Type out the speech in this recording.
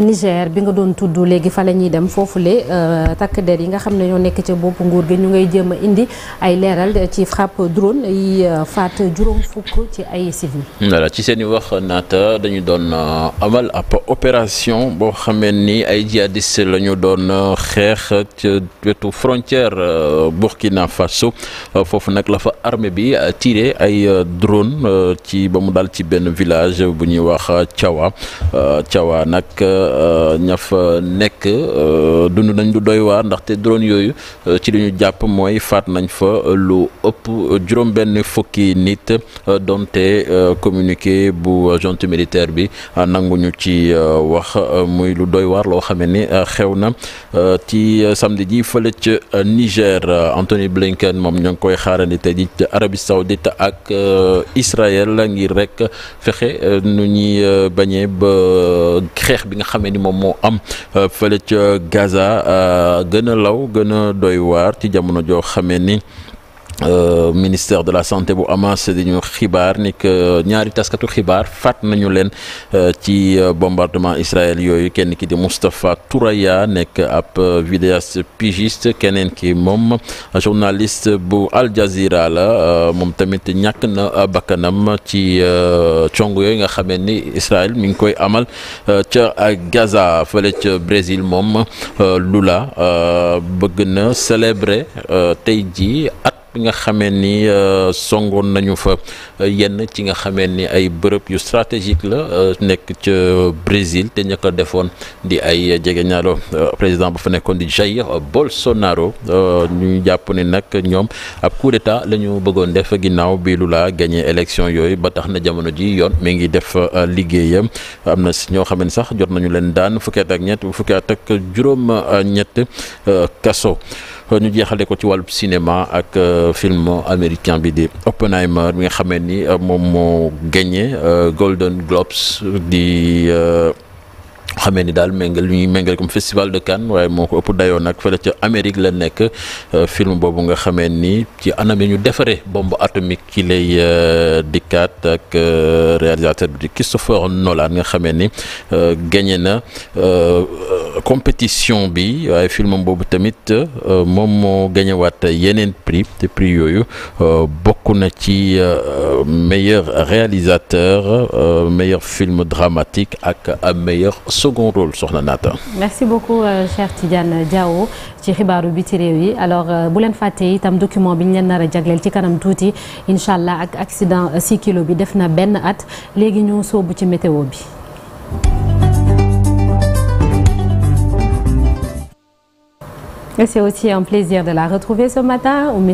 Niger bi nga doon tudd léegi fa la ñuy dem foofule euh, takk der yi nga xam ne ñoo nekk ca bopp nguur gi ñu ngay jéem a indi ay leeral ci frappe drone yi euh, faat juróom fukk ci ay civil voilà ci seen i wax naata dañu doon euh, amal ab opération boo xamee ni ay jihadiste la ñu doon xeex ca wetu frontière Burkina Faso foofu nag lafa fa bi tiré ay drone ci ba mu dal ci benn village bu ñuy wax Thiawa Thiawa nag. Euh, ña fa nekk euh, dund nañ lu doy waar ndaxte drone yooyu euh, ci lu ñu jàpp mooy faat nañ fa lu ëpp juróom-benn fukki nit donte communiqué bu junte militaire bi nanguñu ci wax muy lu doy waar loo xamee ni xew na ci samedi ji fële ca Niger Anthony Blinken moom ñoo ngi koy xaarandi tey ji arabi Saoudite ak Israël ngir rek fexe nu ñuy bañee ba xeex bi nga xamee ni moom moo am euh, fële ca Gaza euh, gën a law gën a doy waar ci jamono joo xame ni Euh, ministère de la santé bu Hamas dañu xibaar ni que euh, ñaari taskatu xibaar faat nañu leen euh, ci bombardement Israël yooyu kenn ki di Moustapha Touraya nekk ab vidéaste pigiste keneen ki moom journaliste bu Al la moom tamit ñàkk na bakkanam ci cong yooyu nga xamee ni Israël mi ngi koy amal ca Gaza fële ca Brésil moom Lula bëgg na célébrer tey ji bi nga xamee ni euh, songoon nañu fa euh, yenn ci nga xamee ni ay bërëb yu stratégique la euh, nekk ca Brésil te ña defoon di ay jege ñaalo président bu fa nekkoon di Jair Bolsonaro ñu jàpp ni nag ñoom ab coup d'état la ñu bëggoon def ginnaaw bi Lula gagné élection yooyu ba tax na jamono ji yoon mi ngi def liggéeyam am na si ñoo xam ne sax jot nañu leen daan fukki at ak ñett fukki at ak juróom ñett kasso ñu jeexalee ko ci wàllu cinéma ak euh, film américain bi di Oppenheimer bi nga xamee ni euh, moom moo gagné euh, Golden Globes di xamee ni daal méngal ñuy méngal comme festival de Cannes waaye moo ko ëpp dayoo nag fële ca Amérique la nekk film boobu nga xamee ni ci anam yi ñu defaree bombe atomique ci lay dikkaat ak réalisateur bi di Christopher Nolan nga xamee ni gagné na compétition bi waaye film boobu tamit euh, moom moo gañewaat yeneen prix te prix yooyu euh, bokk na ci euh, meilleur réalisateur meilleur film dramatique ak meilleur second rôle soxna Naata. merci beaucoup cher Tidiane Diawo ci xibaaru bi ci réew yi alors bu leen fàtte itam document bi ñu leen nar jagleel ci kanam tuuti incha allah ak accident 6 kilo bi def na benn at léegi ñu soobu ci météo bi. Et c'est aussi un plaisir de la retrouver ce matin.